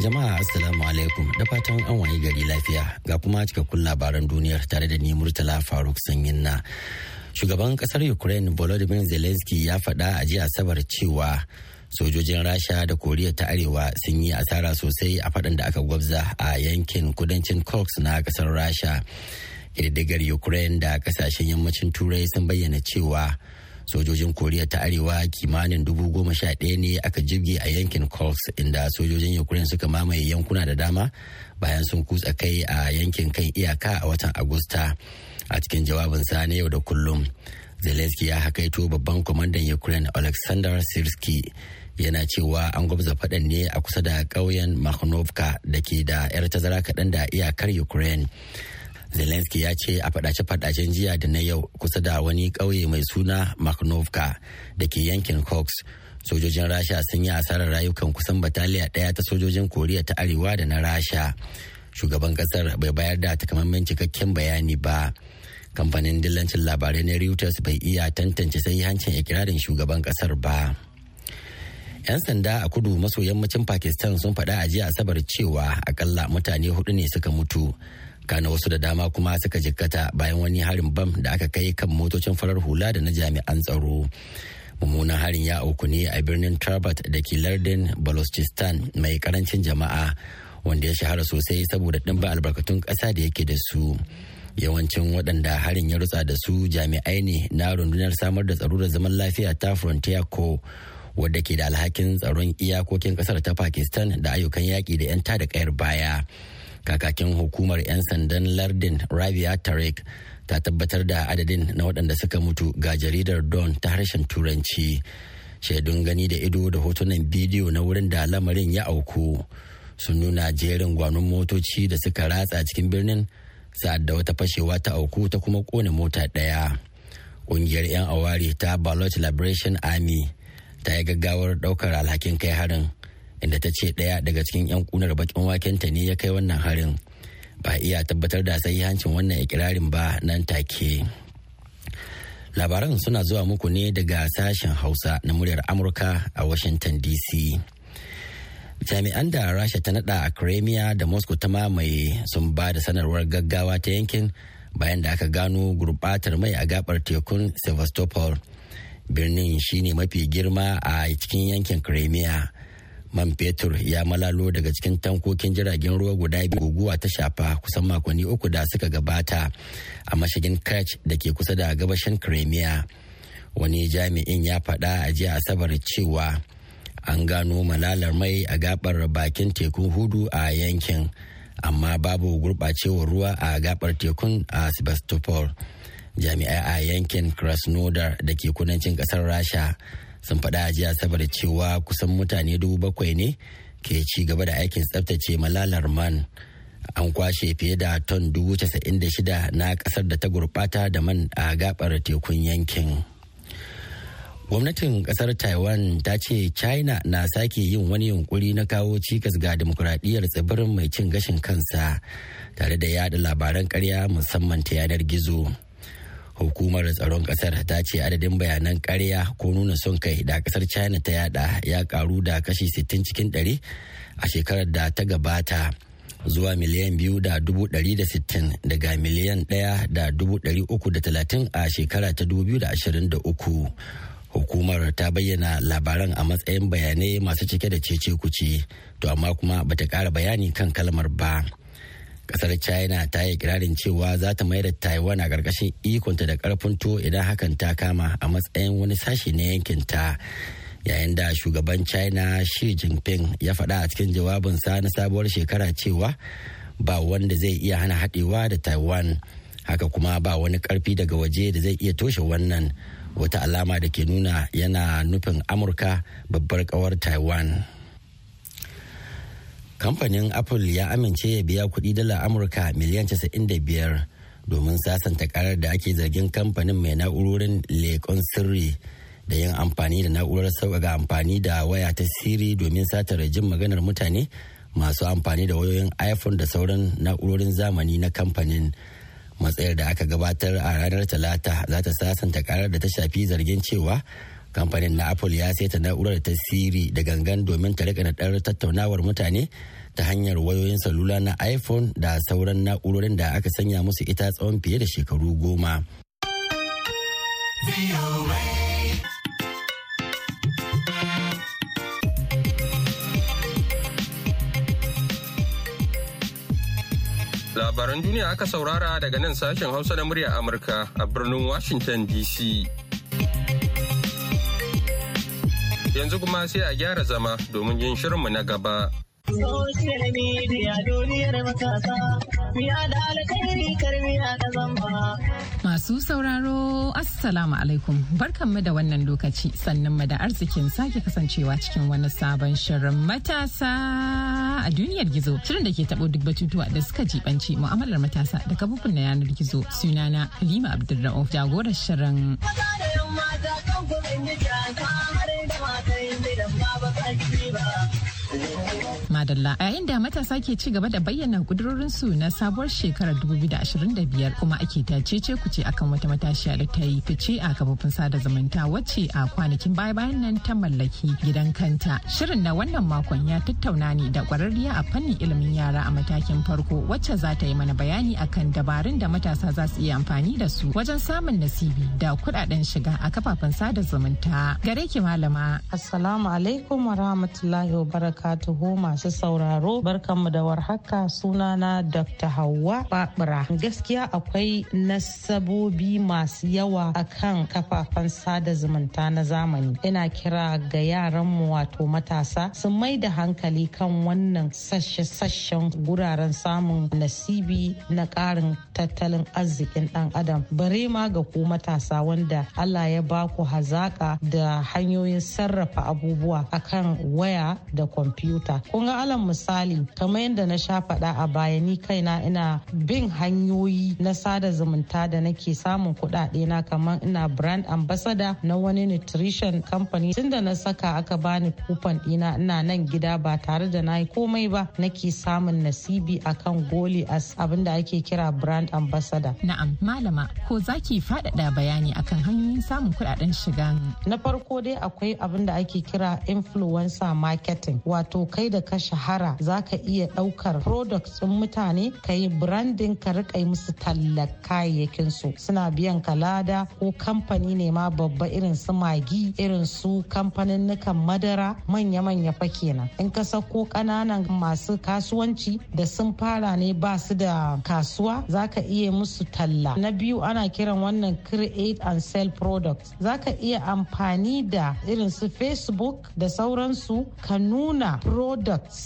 Jama'a Assalamu alaikum da fatan an waye gari lafiya ga kuma cikakkun labaran duniyar tare da ni Murtala Faruk Sanyin na. Shugaban kasar Ukraine Volodymyr Zelensky ya faɗa a jiya Asabar cewa sojojin Rasha da Koriya ta Arewa sun yi asara sosai a faɗin da aka gwabza a yankin kudancin Cox na kasar Rasha. Ƙididdigar Ukraine da kasashen yammacin Turai sun bayyana cewa sojojin koriya ta arewa kimanin dubu goma sha ɗaya ne aka jibge a yankin corps inda sojojin ukraine suka mamaye yankuna da dama bayan sun kutsa kai a yankin kan iyaka a watan agusta a cikin jawabinsa na yau da kullum zelensky ya hakaito babban kwamandan ukraine alexander sirski yana cewa an gwabza faɗan ne a kusa da ƙauyen makhnovka da ke da 'yar tazara kaɗan da iyakar ukraine Zelensky ya ce a fadace-fadacen jiya da na yau kusa da wani ƙauye mai suna Makhnovka da ke yankin Cox. Sojojin Rasha sun yi asarar rayukan kusan bataliya ɗaya ta sojojin Koriya ta Arewa da na Rasha. Shugaban ƙasar bai bayar da takamaiman cikakken bayani ba. Kamfanin dillancin labarai na Reuters bai iya tantance sai hancin ikirarin shugaban ƙasar ba. 'yan sanda a kudu maso yammacin pakistan sun faɗa a jiya asabar cewa akalla mutane hudu ne suka mutu kana wasu da dama kuma suka jikkata bayan wani harin bam da aka kai kan motocin farar hula da na jami'an tsaro mummunan harin ya auku ne a birnin trabat da ke lardin balochistan mai karancin jama'a wanda ya shahara sosai saboda ɗimba albarkatun ƙasa da yake da su yawancin waɗanda harin ya rutsa da su jami'ai ne na rundunar samar da tsaro da zaman lafiya ta frontier ko wadda ke da alhakin tsaron iyakokin ƙasar ta pakistan da ayyukan yaƙi da 'yan tada ƙayar baya kakakin hukumar 'yan sandan lardin rabia tarek ta tabbatar da adadin na waɗanda suka mutu ga jaridar don ta harshen turanci shaidun gani da ido da hotunan bidiyo na wurin da lamarin ya auku sun nuna jerin gwanon motoci da suka ratsa cikin birnin sa'ad da wata fashewa ta auku ta kuma kone mota ɗaya ƙungiyar 'yan awari ta ballot liberation army ta yi gaggawar ɗaukar alhakin kai harin inda ta ce ɗaya daga cikin 'yan kunar bakin wakenta ne ya kai wannan harin ba iya tabbatar da hancin wannan ikirarin ba nan take labaran suna zuwa muku ne daga sashen hausa na muryar amurka a washington dc jami'an da rasha ta nada a crimea da moscow ta mamaye sun ba da sanarwar gaggawa ta yankin bayan da aka gano gurbatar mai a gabar tekun sevastopol birnin shine mafi girma a cikin yankin crimea man fetur ya malalo daga cikin tankokin jiragen ruwa guda biyu guguwa ta shafa kusan makonni uku da suka gabata a mashigin kerch da ke kusa da gabashin crimea wani jami'in ya faɗa a jiya asabar cewa an gano malalar mai a gabar bakin tekun hudu a yankin amma babu gurɓacewar ruwa a gabar tekun a sebastopol jami'ai a yankin krasnodar da ke kudancin ƙasar rasha sun faɗa a jiya asabar cewa kusan mutane dubu bakwai ne ke ci gaba da aikin tsaftace malalar man an kwashe fiye da ton dubu casa'in da shida na ƙasar da ta gurɓata da man a gaɓar tekun yankin gwamnatin ƙasar taiwan ta ce china na sake yin wani yunkuri na kawo cikas ga demokuraɗiyyar tsibirin mai cin gashin kansa tare da yada labaran karya musamman ta yanar gizo. hukumar tsaron kasar ta ce adadin bayanan karya ko nuna son kai da kasar china ta yada ya karu da kashi 60 cikin 100 a shekarar da ta gabata zuwa miliyan biyu da dubu ɗari da sittin daga miliyan ɗaya da dubu ɗari uku da talatin a shekara ta dubu hukumar ta bayyana labaran a matsayin bayanai masu cike da cece kuce to amma kuma bata kara bayani kan kalmar ba. kasar china ta yi kirarin cewa za ta mayar da taiwan a ƙarƙashin ikonta da ƙarfin to idan hakan ta kama a matsayin wani sashi na yankin ta yayin da shugaban china shi jinping ya faɗa a cikin jawabinsa na sabuwar shekara cewa ba wanda zai iya hana haɗewa da taiwan haka kuma ba wani ƙarfi daga waje da zai iya toshe wannan wata alama da ke nuna yana nufin amurka babbar ƙawar taiwan kamfanin apple ya amince ya biya kuɗi dala amurka miliyan 95 domin sasanta karar da ake zargin kamfanin mai na'urorin leƙon sirri da yin amfani da na'urar sauƙaƙa amfani da waya ta siri domin sata jin maganar mutane masu amfani da wayoyin iphone da sauran na'urorin zamani na kamfanin matsayar da aka gabatar a ranar talata za ta sasanta karar da ta shafi zargin cewa kamfanin na apple ya saita na'urar ta siri da gangan domin ta rika naɗar tattaunawar mutane ta hanyar wayoyin salula na iphone da sauran na'urorin da aka sanya musu ita tsawon fiye da shekaru goma labaran duniya aka saurara daga nan sashen hausa na murya amurka a birnin washington dc Yanzu kuma sai a gyara zama domin yin shirinmu na gaba. Masu sauraro, Assalamu alaikum, barkanmu da wannan lokaci sannanmu da arzikin sake kasancewa cikin wani sabon shirin matasa a duniyar gizo. Shirin da ke taɓo duk batutuwa da suka jibanci mu'amalar matasa da kafofin na yanar gizo sunana Halima Abdulra'uf jagorar shirin. dalla a yayin da matasa ke ci gaba da bayyana su na sabuwar shekarar 2025 kuma ake tacece kuce akan wata matashiya da ta yi fice a kafofin sada zumunta wacce a kwanakin baya-bayan nan ta mallaki gidan kanta. Shirin na wannan makon ya tattauna ne da kwararriya a fannin ilimin yara a matakin farko wacce za ta yi mana bayani akan dabarun da matasa za su iya amfani da su wajen samun nasibi da kuɗaɗen shiga a kafafen sada zumunta. Gare ki malama. Assalamu alaikum wa rahmatullahi wa barakatuhu masu sauraro barkanmu da warhaka sunana Dr. Hauwa Babura. Gaskiya akwai nasabobi masu yawa akan kafafen sada zumunta na zamani. Ina kira ga yaranmu wato matasa su mai da hankali kan wannan sashe-sashen guraren samun nasibi na ƙarin tattalin arzikin ɗan adam. Bare ma ga ku matasa wanda Allah ya ba ku hazaƙa da hanyoyin sarrafa abubuwa akan waya da kwamfuta. Kun ga Malam misali kamar yadda na sha faɗa a bayani kaina ina bin hanyoyi na sada zumunta da nake samun kuɗaɗe na kamar ina brand ambassador na wani nutrition company tun da na saka aka bani kufan ɗina ina nan gida ba tare da na yi komai ba nake samun nasibi akan goli as abin da ake kira brand ambassador. Na'am malama ko za ki faɗaɗa bayani akan hanyoyin samun kuɗaɗen shiga. Na farko dai akwai abin da ake kira influencer marketing wato kai da kasha shahara za ka iya ɗaukar products ɗin mutane ka yi branding ka rika musu talla kayayyakin su suna biyan kalada ko kamfani ne ma babba irin su magi irin su kamfanin nuka madara manya-manya fa kenan in ka sako ƙananan masu kasuwanci da sun fara ne ba su da kasuwa za ka iya musu talla na biyu ana kiran wannan create and sell products za ka iya amfani da irin su facebook da sauransu ka nuna products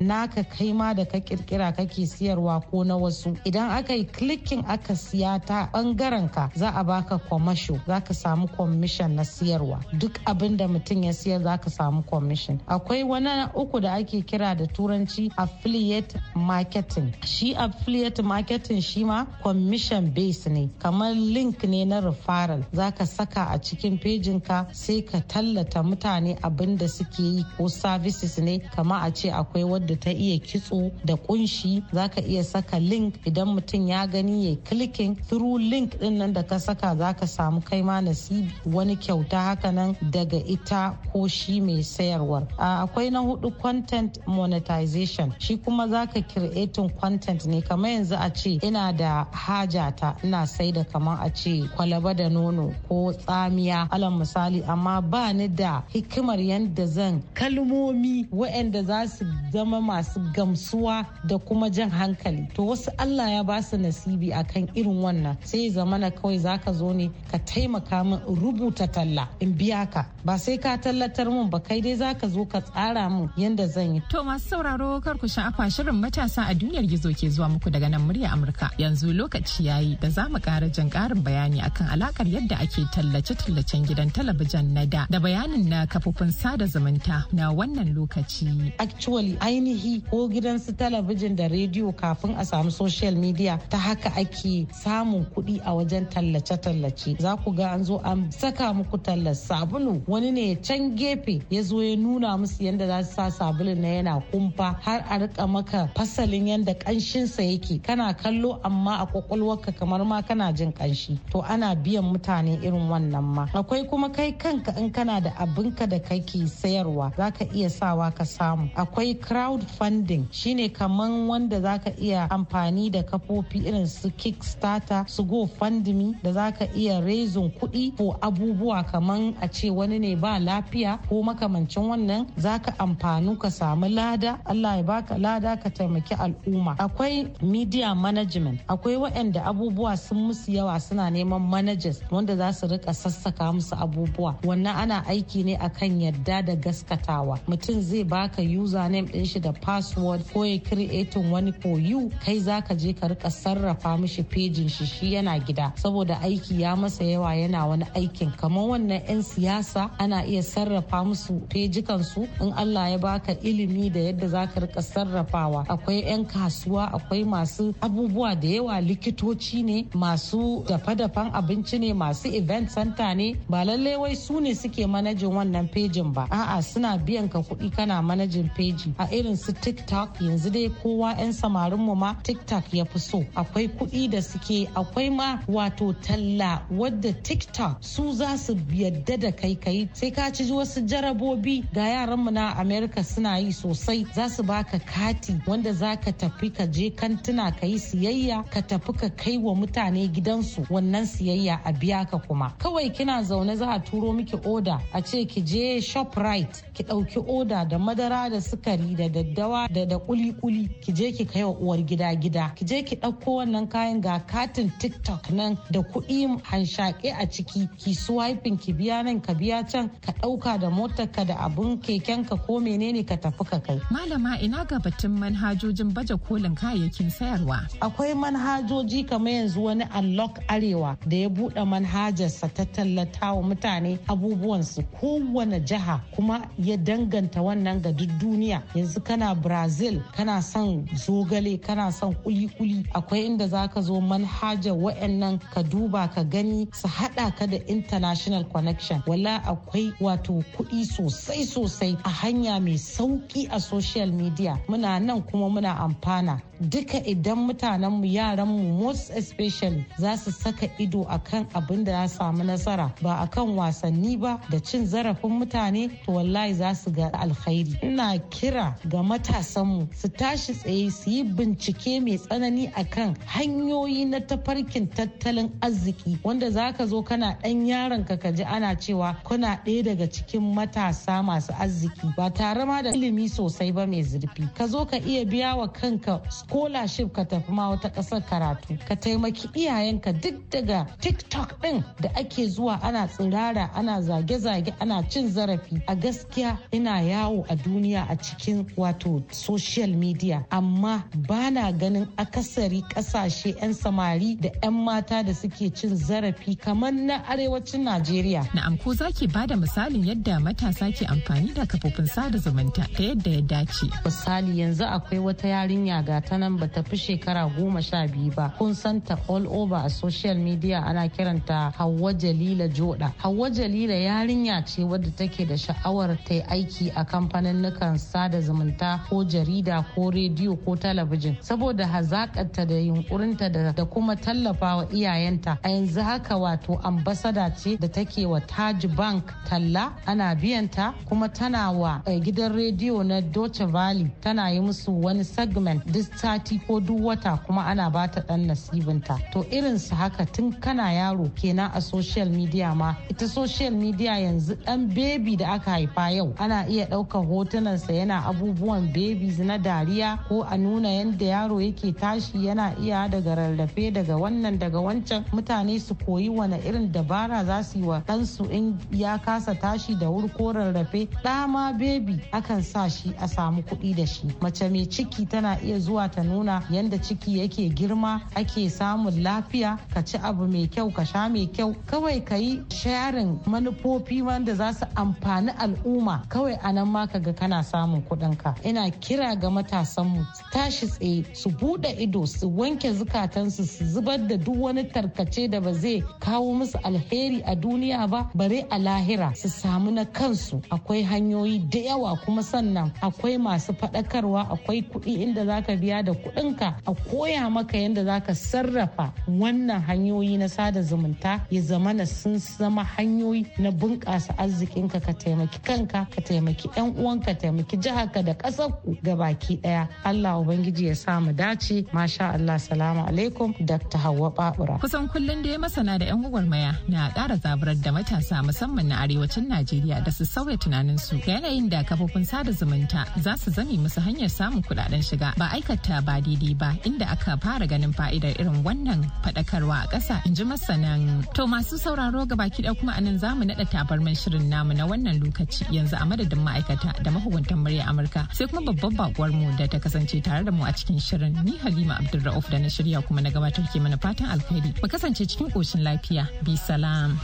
naka kai ma da ka kirkira kake siyarwa ko na wasu idan aka yi klikin aka siya ta bangaren ka za a baka kwamasho za ka samu kwamishin na siyarwa duk abin da mutum ya siyar za ka samu kwamishin akwai wani uku da ake kira da turanci affiliate marketing shi affiliate marketing shi ma commission base ne kamar link ne na referral za ka saka a cikin ka sai ka tallata mutane abin da suke yi ko services ne kama a ce akwai wadda da ta iya kitso da kunshi za ka iya saka link idan mutum ya gani ya clicking through link din nan da ka saka za ka samu kai ma nasibi wani kyauta haka nan daga ita ko shi mai sayarwar akwai na hudu content monetization shi kuma za ka creating content ne kamar yanzu a ce ina da hajata ina sai da kamar a ce kwalaba da nono ko tsamiya alal misali amma ba ni da hikimar yadda zan kalmomi waɗanda za su zama zama masu gamsuwa da kuma jan hankali to wasu allah ya ba su nasibi akan irin wannan sai zama na kawai za ka zo ne ka taimaka min rubuta talla in biya ka ba sai ka tallatar min ba kai dai zaka zo ka tsara min yadda zan yi to masu sauraro kar ku sha'afa shirin matasa a duniyar gizo ke zuwa muku daga nan murya amurka yanzu lokaci yayi da za mu kara jan karin bayani akan alakar yadda ake tallace-tallacen gidan talabijin na da da bayanin na kafofin sada zumunta na wannan lokaci actually ainihi ko gidan su talabijin da rediyo kafin a samu social media ta haka ake samun kuɗi a wajen tallace-tallace za ku ga an zo an saka muku tallar sabulu wani ne can gefe ya zo ya nuna musu yadda za su sa sabulun na yana kumfa har a rika maka fasalin yadda kanshinsa yake kana kallo amma a kwakwalwarka kamar ma kana jin kanshi to ana biyan mutane irin wannan ma akwai kuma kai kanka in kana da abinka da kake sayarwa za ka iya sawa ka samu akwai crowd crowdfunding shine kaman wanda zaka iya amfani da kafofi irin su kickstarter su go gofundme da zaka iya rezon kuɗi ko abubuwa kaman a ce wani ne ba lafiya ko makamancin wannan zaka amfanu ka samu lada allah ya baka lada ka taimaki al'umma akwai media management akwai waɗanda abubuwa sun musu yawa suna neman managers wanda za su rika sassaka musu abubuwa wannan ana aiki ne akan yadda da gaskatawa mutum zai baka username ɗin shi da da password ko ya creating wani for you kai zaka je ka rika sarrafa mishi pejin shi shi yana gida saboda aiki ya masa yawa yana wani aikin kamar wannan 'yan siyasa ana iya sarrafa musu pejikan su in Allah ya baka ilimi da yadda zaka rika sarrafawa akwai 'yan kasuwa akwai masu abubuwa da yawa likitoci ne masu dafa-dafan abinci ne masu event center ne ba lallai wai su ne suke manajin wannan pejin ba a'a suna biyan ka kuɗi kana manajin peji a irin su tiktok yanzu dai kowa 'yan samarin mu ma tiktok ya fi so akwai kuɗi da suke akwai ma wato talla wadda tiktok su za su yadda da kai kai sai ka ci wasu jarabobi ga yaran mu na america suna yi sosai za su baka kati wanda za ka tafi ka je kantuna ka yi siyayya ka tafi ka kai wa mutane gidansu wannan siyayya a biya ka kuma kawai kina zaune za a turo miki oda a ce ki je shoprite ki ɗauki oda da madara da sukari da daddawa da da kulikuli ki je ki kai wa uwar gida gida ki je ki ɗauko wannan kayan ga katin tiktok nan da kuɗi hanshaƙe a ciki ki swiping ki biya nan ka biya can ka ɗauka da motar ka da abun keken ka ko menene ka tafi ka kai. Malama ina ga batun manhajojin baje kolin kayayyakin sayarwa. Akwai manhajoji kamar yanzu wani unlock arewa da ya buɗe manhajarsa ta tallata wa mutane abubuwansu kowane jiha kuma ya danganta wannan ga duk duniya yanzu kana brazil kana son zogale kana son kuli-kuli akwai inda za ka zo manhajar wa'annan ka duba ka gani su haɗa ka da international connection wala akwai wato kuɗi sosai sosai a hanya mai sauƙi a social media muna nan kuma muna amfana duka idan mutanenmu yaranmu most especially za su saka ido akan abin da ya samu nasara ba akan wasanni ba da cin zarafin mutane to wallahi za su ga alkhairi ina kira ga ga matasanmu su tashi tsaye su yi bincike mai tsanani akan hanyoyi na tafarkin tattalin arziki wanda za ka zo kana ɗan yaron ka kaji ana cewa kuna ɗaya daga cikin matasa masu arziki ba tare ma da ilimi sosai ba mai zurfi ka zo ka iya biya wa kanka scholarship ka tafi ma wata ƙasar karatu ka taimaki iyayenka duk daga tiktok ɗin da ake zuwa ana tsirara ana zage-zage ana cin zarafi a gaskiya ina yawo a duniya a cikin wa wato social media amma ba na ganin akasari kasashe 'yan samari da 'yan mata da suke cin zarafi kamar na arewacin najeriya na'am ko zaki bada misalin yadda matasa ke amfani da kafofin sada zumunta ta yadda ya dace misali yanzu akwai wata yarinya ga ta nan ba ta fi shekara goma sha biyu ba kun santa all over a social media ana kiranta hauwa jalila joda hauwa jalila yarinya ce wadda take da sha'awar ta yi aiki a kamfanin nukan sada zumunta makaranta ko jarida ko rediyo ko talabijin saboda hazakarta da yunkurinta da kuma tallafawa iyayenta a yanzu haka wato ambasada ce da take wa Taj Bank talla ana biyanta kuma tana wa eh, gidan rediyo na Deutsche Valley tana yi musu wani segment duk sati ko duk wata kuma ana ba ta dan nasibinta to irin su haka tun kana yaro kenan a social media ma ita social media yanzu dan bebi da aka haifa yau ana iya ɗaukar hotunansa yana abubuwa abubuwan babies na dariya ko a nuna yadda yaro yake tashi yana iya daga rarrafe daga wannan daga wancan mutane su koyi wani irin dabara za su yi wa ɗansu in ya kasa tashi da wuri ko rarrafe ɗa ma bebi akan sa shi a samu kuɗi da shi mace mai ciki tana iya zuwa ta nuna yadda ciki yake girma ake samun lafiya ka ci abu mai kyau ka sha mai kyau kawai ka yi sharing manufofi wanda za su amfani al'umma kawai a nan ma ka ga kana samun kuɗinka ina kira ga matasanmu su tashi tsaye su buɗe ido su wanke zukatansu su zubar da duk wani tarkace da ba zai kawo musu alheri a duniya ba bare a lahira su samu na kansu akwai hanyoyi da yawa kuma sannan akwai masu faɗakarwa akwai kuɗi inda zaka biya da kuɗinka a koya maka yadda zaka sarrafa wannan hanyoyi na sada zumunta ya zama na sun zama hanyoyi na bunƙasa arzikinka ka taimaki kanka ka taimaki 'yan uwanka taimaki jihar ka da ƙasar ga baki ɗaya Allah ubangiji ya sa mu dace masha Allah salamu alaikum Dr. Hawwa Babura kusan kullum da ya masana da yan gwagwarmaya na ƙara zaburar da matasa musamman na arewacin Najeriya da su sauya tunanin su ga yanayin da kafofin sada zumunta za su zame musu hanyar samun kuɗaɗen shiga ba aikata ba daidai ba inda aka fara ganin fa'idar irin wannan faɗakarwa a ƙasa in ji masanan to masu sauraro ga baki ɗaya kuma anan zamu naɗa tabarman shirin namu na wannan lokaci yanzu a madadin ma'aikata da mahukuntan murya Amurka sai kuma babban bakuwar mu da ta kasance tare da mu a cikin shirin ni Halima Abdulrauf da na shirya kuma na gabatar ke mana fatan alheri mu kasance cikin koshin lafiya bi salam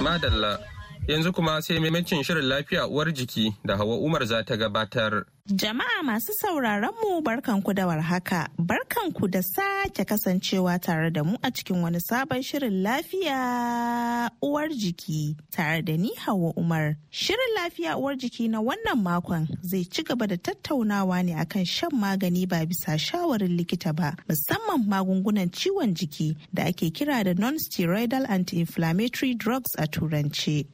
madalla yanzu kuma sai maimacin shirin lafiya uwar jiki da hawa umar za ta gabatar Jama'a masu sauraron mu barkanku da warhaka, barkanku da sake kasancewa tare da mu a cikin wani sabon shirin lafiya uwar jiki tare da ni hawa Umar. Shirin lafiya uwar jiki na wannan makon zai ci gaba da tattaunawa ne akan shan magani ba bisa shawarin likita ba, musamman magungunan ciwon jiki da ake kira da non-steroidal anti-inflammatory drugs a turance.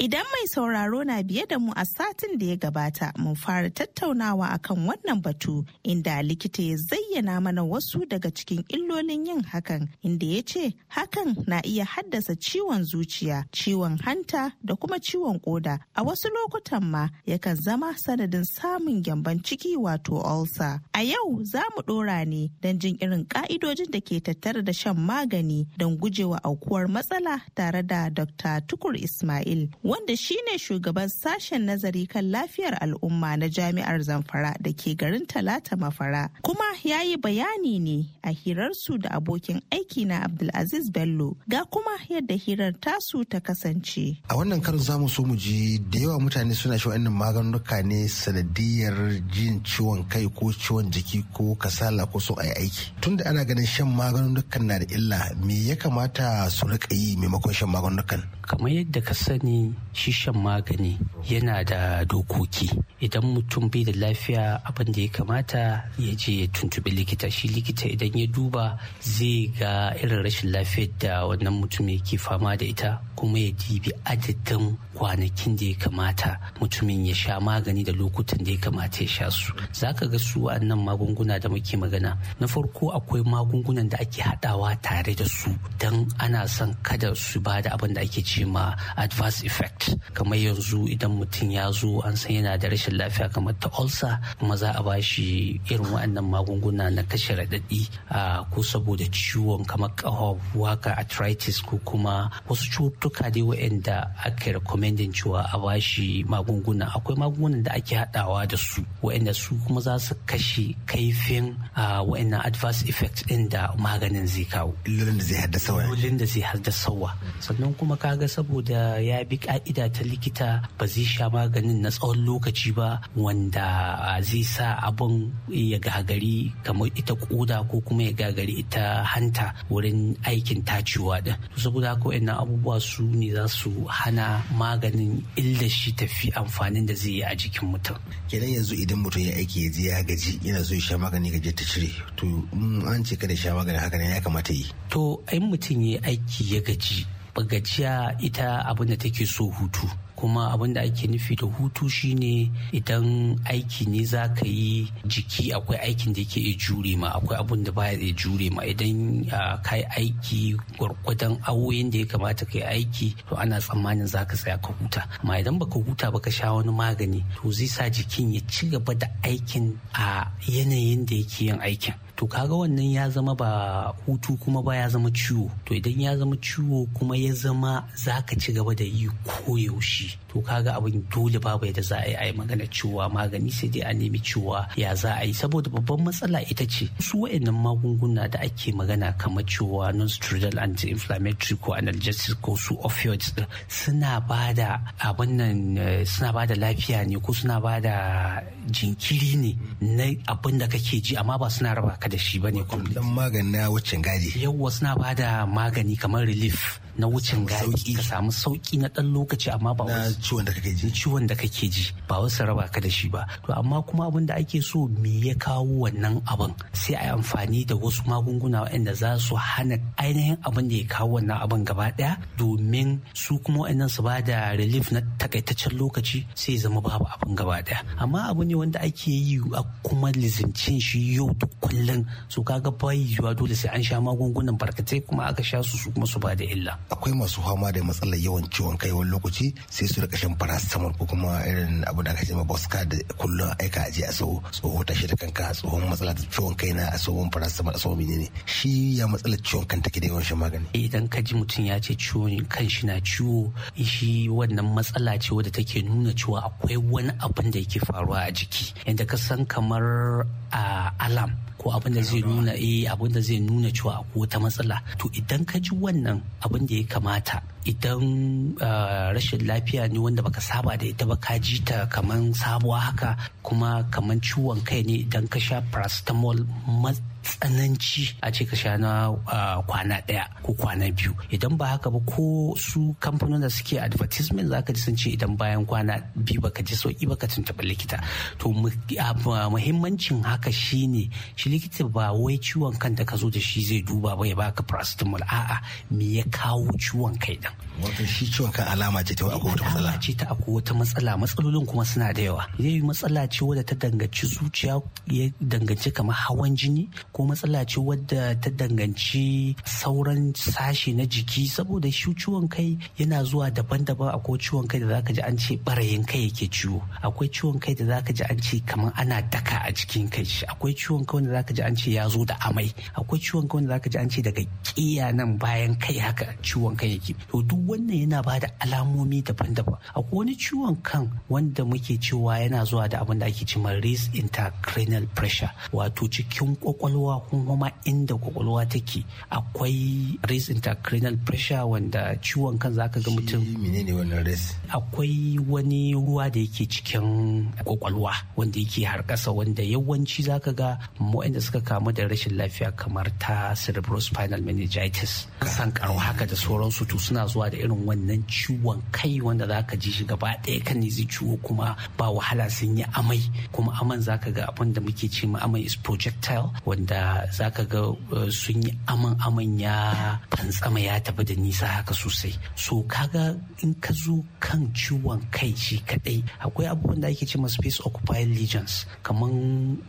Idan mai sauraro na biye da mu a satin da ya gabata mun fara tattaunawa akan wannan batu inda likita ya zayyana mana wasu daga cikin illolin yin hakan inda ya ce hakan na iya haddasa ciwon zuciya, ciwon hanta da kuma ciwon koda. A wasu lokutan ma yakan zama sanadin samun gyamban ciki wato ulcer. A yau za mu ɗora ne don jin irin ka'idojin da ke tattare da shan magani don gujewa aukuwar matsala tare da Dr. Tukur Ismail wanda shine shugaban sashen nazari kan lafiyar al'umma na jami'ar zamfara da ke garin talata mafara kuma ya yi bayani ne a hirarsu da abokin aiki na abdulaziz bello ga kuma yadda hirar tasu ta kasance a wannan karin zamu so mu ji da yawa mutane suna shi wa'annan maganuka ne sanadiyar jin ciwon kai ko ciwon jiki ko kasala ko so a yi aiki tunda ana ganin shan maganunukan na da illa me ya kamata su riƙa yi maimakon shan maganunukan kamar yadda ka sani shi magani yana da dokoki idan mutum bai da lafiya abin da ya kamata ya je ya tuntubi likita shi likita idan ya duba zai ga irin rashin lafiyar da wannan mutum yake fama da ita kuma ya dibi adadin kwanakin da ya kamata mutumin ya sha magani da lokutan da ya kamata ya sha su za ka ga su wa'annan magunguna da muke magana na farko akwai magungunan da ake hadawa tare da su don ana son kada su ba da abin da ake ce ma adverse effect kamar yanzu idan mutum ya zo an san yana da rashin lafiya kamar ta ulcer kuma za a shi irin wa'annan magunguna na kashe raɗaɗi ko saboda ciwon kamar ƙafa waka arthritis ko kuma wasu cututtuka dai wa'anda aka recommend recommending cewa a bashi magunguna akwai magungunan da ake hadawa da su waɗanda su kuma za su kashe kaifin waɗannan adverse effects ɗin da maganin zai kawo. Illolin da zai haddasa da zai Sannan kuma kaga saboda ya bi ka'ida ta likita ba zai sha maganin na tsawon lokaci ba wanda zai sa abin ya gagari kamar ita koda ko kuma ya gagari ita hanta wurin aikin tacewa din. Saboda haka abubuwa su ne za su hana maganin maganin illar shi tafi amfanin da zai yi a jikin mutum kenan yanzu idan mutum ya aiki ya je ya gaji yana so ya sha magani gaji ta cire to an ce kada sha magani haka ne ya kamata yi to ai mutum ya aiki ya gaji gajiya ita abin da take so hutu kuma abin da ake nufi da hutu shine idan aiki ne za ka yi jiki akwai aikin da yake jure ma akwai abin da baya ya jure ma idan ka yi aiki gwargwadon awoyin da ya kamata ka yi aiki to ana tsammanin za ka tsaya ka huta amma idan ba ka huta ba ka sha wani magani to zai sa jikin ya ci gaba da aikin a yanayin da yake yin aikin to kaga wannan ya zama ba hutu kuma ba ya zama ciwo to idan ya zama ciwo kuma ya zama za ka ci gaba da yi koyaushe to kaga abin dole babu yadda za a yi a yi magana cewa magani sai dai a nemi cewa ya za a yi saboda babban matsala ita ce su wa'annan magunguna da ake magana kamar cewa non-steroidal anti-inflammatory ko analgesic ko su opioids suna bada abin nan eh, suna bada lafiya ne ko suna bada jinkiri ne na abin da kake ji amma ba suna raba ka da shi ba ne dan magani na wucin gadi yawwa suna ba da magani kamar relief na wucin gadi ka samu sauki na dan lokaci amma ba wasu ciwon da kake ji ciwon da kake ji ba wasu raba ka da shi ba to amma kuma abin da ake so me ya kawo wannan abin sai a yi amfani da wasu magunguna waɗanda za su hana ainihin abin da ya kawo wannan abin gaba daya domin su kuma waɗannan su ba da relief na takaitaccen lokaci sai zama babu abin gaba daya amma abu ne wanda ake yi a kuma lizincin shi yau da kullum din su kaga fayi yiwa dole sai an sha magungunan barkatai kuma aka sha su su kuma su ba da illa akwai masu fama da matsalar yawan ciwon kai wani lokaci sai su rika shan paracetamol ko kuma irin abu da aka ce ma boska da kullum aika aje a sau tsoho tashi da kanka tsohon matsala da ciwon kai na a tsohon paracetamol a tsohon menene shi ya matsalar ciwon kan take da yawan shan magani eh, idan ka ji mutum ya ce ciwon kan shi na ciwo shi wannan matsala ce wadda take nuna cewa akwai wani abin da yake faruwa a jiki yadda ka san kamar a ah, alam ko abin abin da zai nuna eh abin da zai nuna cewa ko ta matsala to idan ka ji wannan abin da ya kamata idan ah, rashin lafiya ne wanda baka saba da ita ba ka ji ta kaman sabuwa haka kuma kaman ciwon kai ne idan ka sha paracetamol tsananci a ce ka sha na kwana ɗaya ko kwana biyu idan ba haka ba ko su kamfanin da suke advertisement za ka ji sun ce idan bayan kwana biyu baka ji sauki baka tuntuɓa likita to muhimmancin haka shine shi likita ba wai ciwon kanta ka zo da shi zai duba ba ya baka paracetamol a'a me ya kawo ciwon kai dan wato shi ciwon kan alama ce ta akwai wata matsala alama ce ta akwai wata matsala matsalolin kuma suna da yawa zai yi matsala ce wadda ta danganci zuciya ya danganci kamar hawan jini ko matsala ce wadda ta danganci sauran sashi na jiki saboda shi ciwon kai yana zuwa daban-daban akwai ciwon kai da zaka ji an ce barayin kai yake ciwo akwai ciwon kai da zaka ji an ce kamar ana daka a cikin kai akwai ciwon kai wanda zaka ji an ce ya zo da amai akwai ciwon kai wanda zaka ji an ce daga kiya nan bayan kai haka ciwon kai yake to duk wannan yana ba da alamomi daban-daban akwai wani ciwon kan wanda muke cewa yana zuwa da abin da ake cewa ma-raise intracranial pressure wato cikin kwakwalwa kuma inda kwakwalwa take akwai A-raise intracranial pressure wanda ciwon kan zaka ga mutum menene wannan raise akwai wani ruwa da yake cikin kwakwalwa wanda yake har kasa wanda yawanci zaka ga waɗanda suka kamu da rashin lafiya kamar ta cerebrospinal meningitis karo haka da sauransu to suna zuwa da irin wannan ciwon kai wanda za ka ji shi gaba ɗaya kan ne zai ciwo kuma ba wahala sun yi amai kuma aman za ka ga abin da muke ce ma aman is projectile wanda za ka ga eh, sun yi aman aman ya fantsama ya tafi da nisa haka sosai so kaga in ka zo kan ciwon kai shi kaɗai akwai abubuwan da ake ce ma space occupied legions kaman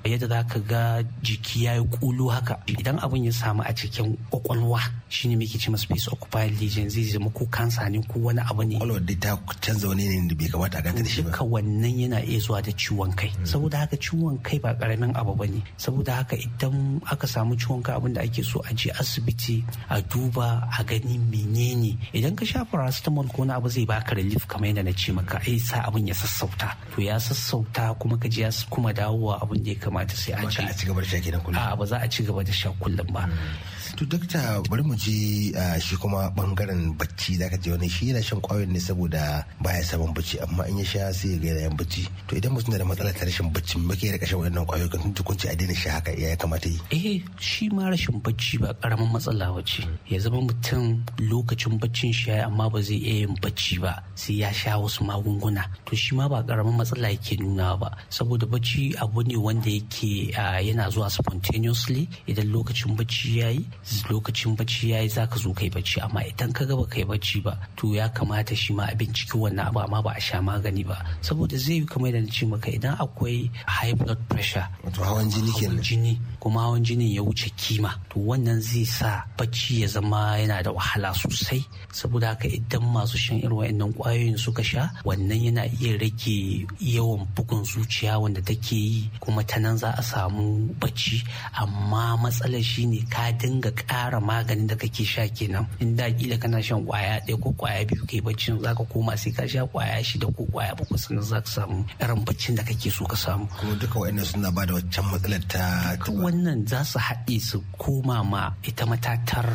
yadda za ka ga jiki ya yi kulu haka idan abin ya samu a cikin kwakwalwa shine muke ce ma space occupied legions zai zama ko kansa ne ko wani abu ne kwakwalwar da ta canza wani ne da bai kamata a ganta da shi ba duka wannan yana iya zuwa da ciwon kai hmm. saboda haka ciwon kai ba karamin abu ba ne saboda haka idan aka samu ciwon kai abin da ake so a je asibiti a duba a gani menene idan ka sha paracetamol ko wani abu zai baka relief kamar yadda na ce maka ai sa abin ya sassauta to ya sassauta kuma ka ji kuma dawowa abin da ya kamata sai a ci a ba za a ci gaba da sha kullum ba hmm. To dokta bari mu je shi kuma bangaren bacci zaka je wani shi yana shan kwayoyin ne saboda baya samun bacci amma in ya sha sai ya ga yan bacci. To idan mutum da matsalar ta rashin bacci me kake rika shan waɗannan kwayoyin tun tukunci a daina sha haka ya kamata yi. Eh shi ma rashin bacci ba karamin matsala bace. Ya zama mutum lokacin baccin shi yayi amma ba zai iya yin bacci ba sai ya sha wasu magunguna. To shi ma ba karamin matsala yake nuna ba saboda bacci abu ne wanda yake yana zuwa spontaneously idan lokacin bacci yayi lokacin bacci ya yi za ka zo kai bacci amma idan ka gaba kai bacci ba to ya kamata shi ma a binciki wannan abu amma ba a sha magani ba saboda zai yi kamar da ce maka idan akwai high blood pressure wato hawan jini kenan kuma hawan jini ya wuce kima to wannan zai sa bacci ya zama yana da wahala sosai saboda haka idan masu shan irin wa'annan kwayoyin suka sha wannan yana iya rage yawan bugun zuciya wanda take yi kuma ta nan za a samu bacci amma matsalar shine ka dinga ka ƙara maganin da kake sha kenan in da kila kana shan kwaya ɗaya ko kwaya biyu kai baccin za ka koma sai ka sha kwaya shida ko kwaya bakwai sannan za ka samu irin baccin da kake so ka samu. kuma duka wa'annan suna ba da waccan matsalar ta. wannan za su haɗe su koma ma ita matatar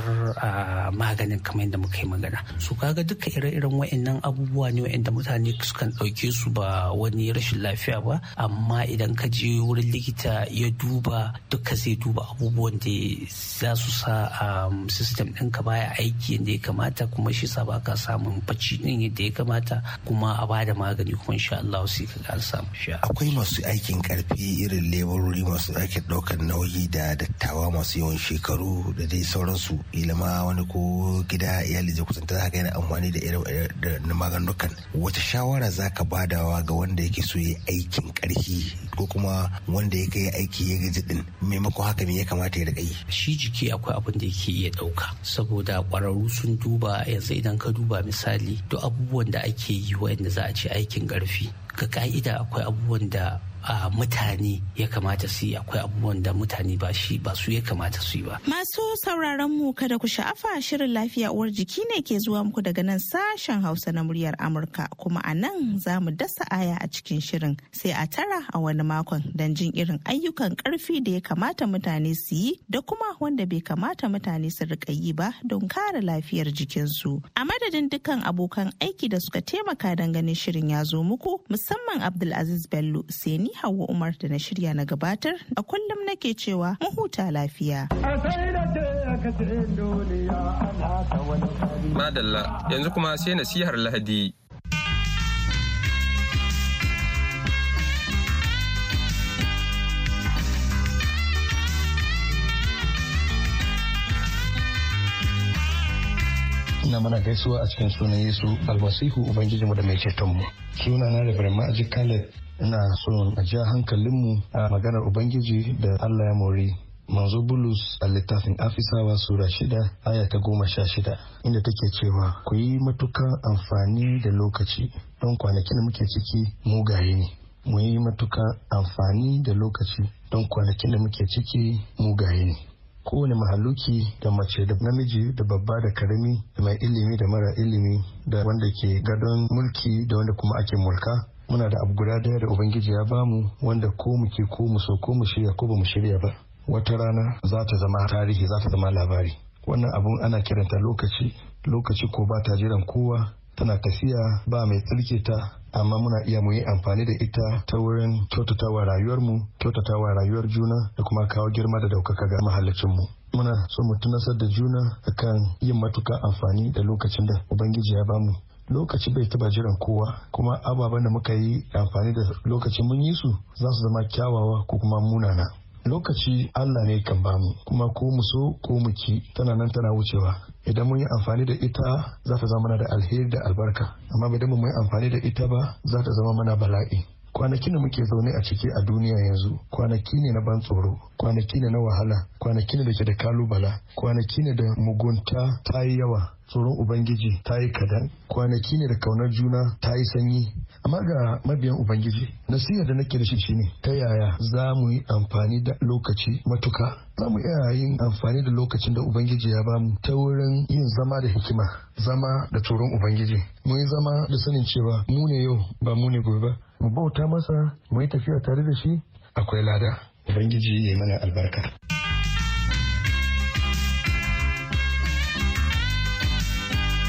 maganin kamar yadda muka yi magana su kaga duka ire-iren wa'annan abubuwa ne wa'anda mutane sukan ɗauke su ba wani rashin lafiya ba amma idan ka je wurin likita ya duba duka zai duba abubuwan da za su sa um, system ɗinka baya aiki yadda ya kamata kuma shi sa baka samun bacci din yadda ya kamata kuma a bada magani kuma insha Allah sai ka an samu sha. Akwai masu aikin karfi irin leburori masu aikin ɗaukar nauyi da dattawa masu yawan shekaru da dai sauransu ilima wani ko gida iyali da kusanta haka yana amfani da irin maganukan wata shawara za ka badawa ga wanda yake so ya aikin karfi ko kuma wanda ya kai aiki ya gaji din maimakon haka me ya kamata ya riƙa yi. Shi jiki akwai ɗauka abin da yake iya ɗauka saboda ƙwararru sun duba yanzu idan ka duba misali duk abubuwan da ake yi wa za a ce aikin ƙarfi ga ka'ida akwai abubuwan da a mutane ya kamata su yi akwai abubuwan da mutane ba shi ba su ya kamata su yi ba. Masu sauraron mu kada ku sha'afa shirin lafiya uwar jiki ne ke zuwa muku daga nan sashen Hausa na muryar Amurka kuma a nan za mu dasa aya a cikin shirin sai a tara a wani makon don jin irin ayyukan karfi da ya kamata mutane su yi da kuma wanda bai kamata mutane su riƙa yi ba don kare lafiyar jikinsu. A madadin dukkan abokan aiki da suka taimaka don ganin shirin ya zo muku musamman Abdulaziz Bello ni Hauwa Umar da na shirya na gabatar a kullum nake cewa huta lafiya. Madalla yanzu kuma sai nasihar Lahadi. ina mana gaisuwa a cikin sunan Yesu almasihu ubangijinmu da mai cetonmu. Sunana da Brema Aji Khaled ina so a ja hankalinmu a maganar ubangiji da allah ya mori manzo bulus a littafin afisawa sura shida aya ta goma sha shida inda take cewa ku yi matukan amfani da lokaci don kwanakin da muke ciki mugaye ne mu yi matukan amfani da lokaci don kwanakin da muke ciki mugaye ne kowane mahaluki da mace da namiji da babba da karami da mai ilimi da mara ilimi da wanda ke gadon mulki da wanda kuma ake mulka muna da abu guda daya da ubangiji ya bamu wanda ko muke ko mu so ko mu shirya ko ba mu shirya ba wata rana za ta zama tarihi za ta zama labari wannan abun ana kiranta lokaci lokaci ko ba ta jiran kowa tana tafiya ba mai tsirke ta amma muna iya muyi amfani da ita ta wurin kyautatawa rayuwarmu kyautatawa rayuwar juna da kuma kawo girma da daukaka ga mu muna so mu tunasar da juna akan yin matuka amfani da lokacin da ubangiji ya bamu lokaci bai taba jiran kowa kuma ababen da muka yi amfani da lokaci mun yi su za su zama kyawawa ko kuma munana lokaci Allah ne kan mu kuma ko mu so ko mu ki tana nan tana wucewa idan mun yi amfani da ita za ta zama mana da alheri da albarka amma idan mun yi amfani da ita ba za ta zama mana bala'i kwanaki ne muke zaune a ciki a duniya yanzu kwanaki ne na ban tsoro kwanaki ne na wahala kwanaki ne da ke da kalubala kwanaki ne da mugunta ta yi yawa tsoron ubangiji ta yi kadan kwanaki ne da kaunar juna ta yi sanyi amma ga mabiyan ubangiji nasiyar da nake da shi shine ta yaya za mu yi amfani da lokaci matuka za mu iya yin amfani da lokacin da ubangiji ya bamu ta wurin yin zama da hikima zama da tsoron ubangiji mu yi zama da sanin cewa mu ne yau ba mu ne gobe ba mu bauta masa mu yi tafiya tare da shi akwai lada ubangiji ya yi mana albarka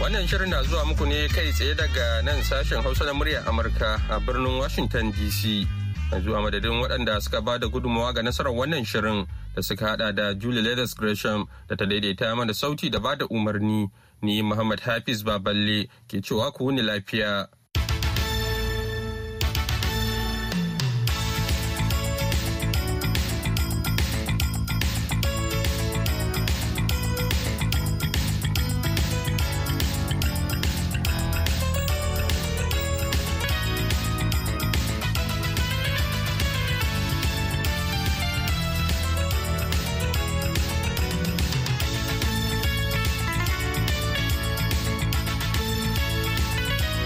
wannan shirin na zuwa muku ne kai tsaye daga nan sashen hausa na murya amurka a birnin washington dc yanzu a madadin waɗanda suka ba da gudunmawa ga nasarar wannan shirin da suka hada da julie Ladis gresham da ta daidaita mana sauti da ba da umarni ni muhammad hafiz baballe ke cewa ku wuni lafiya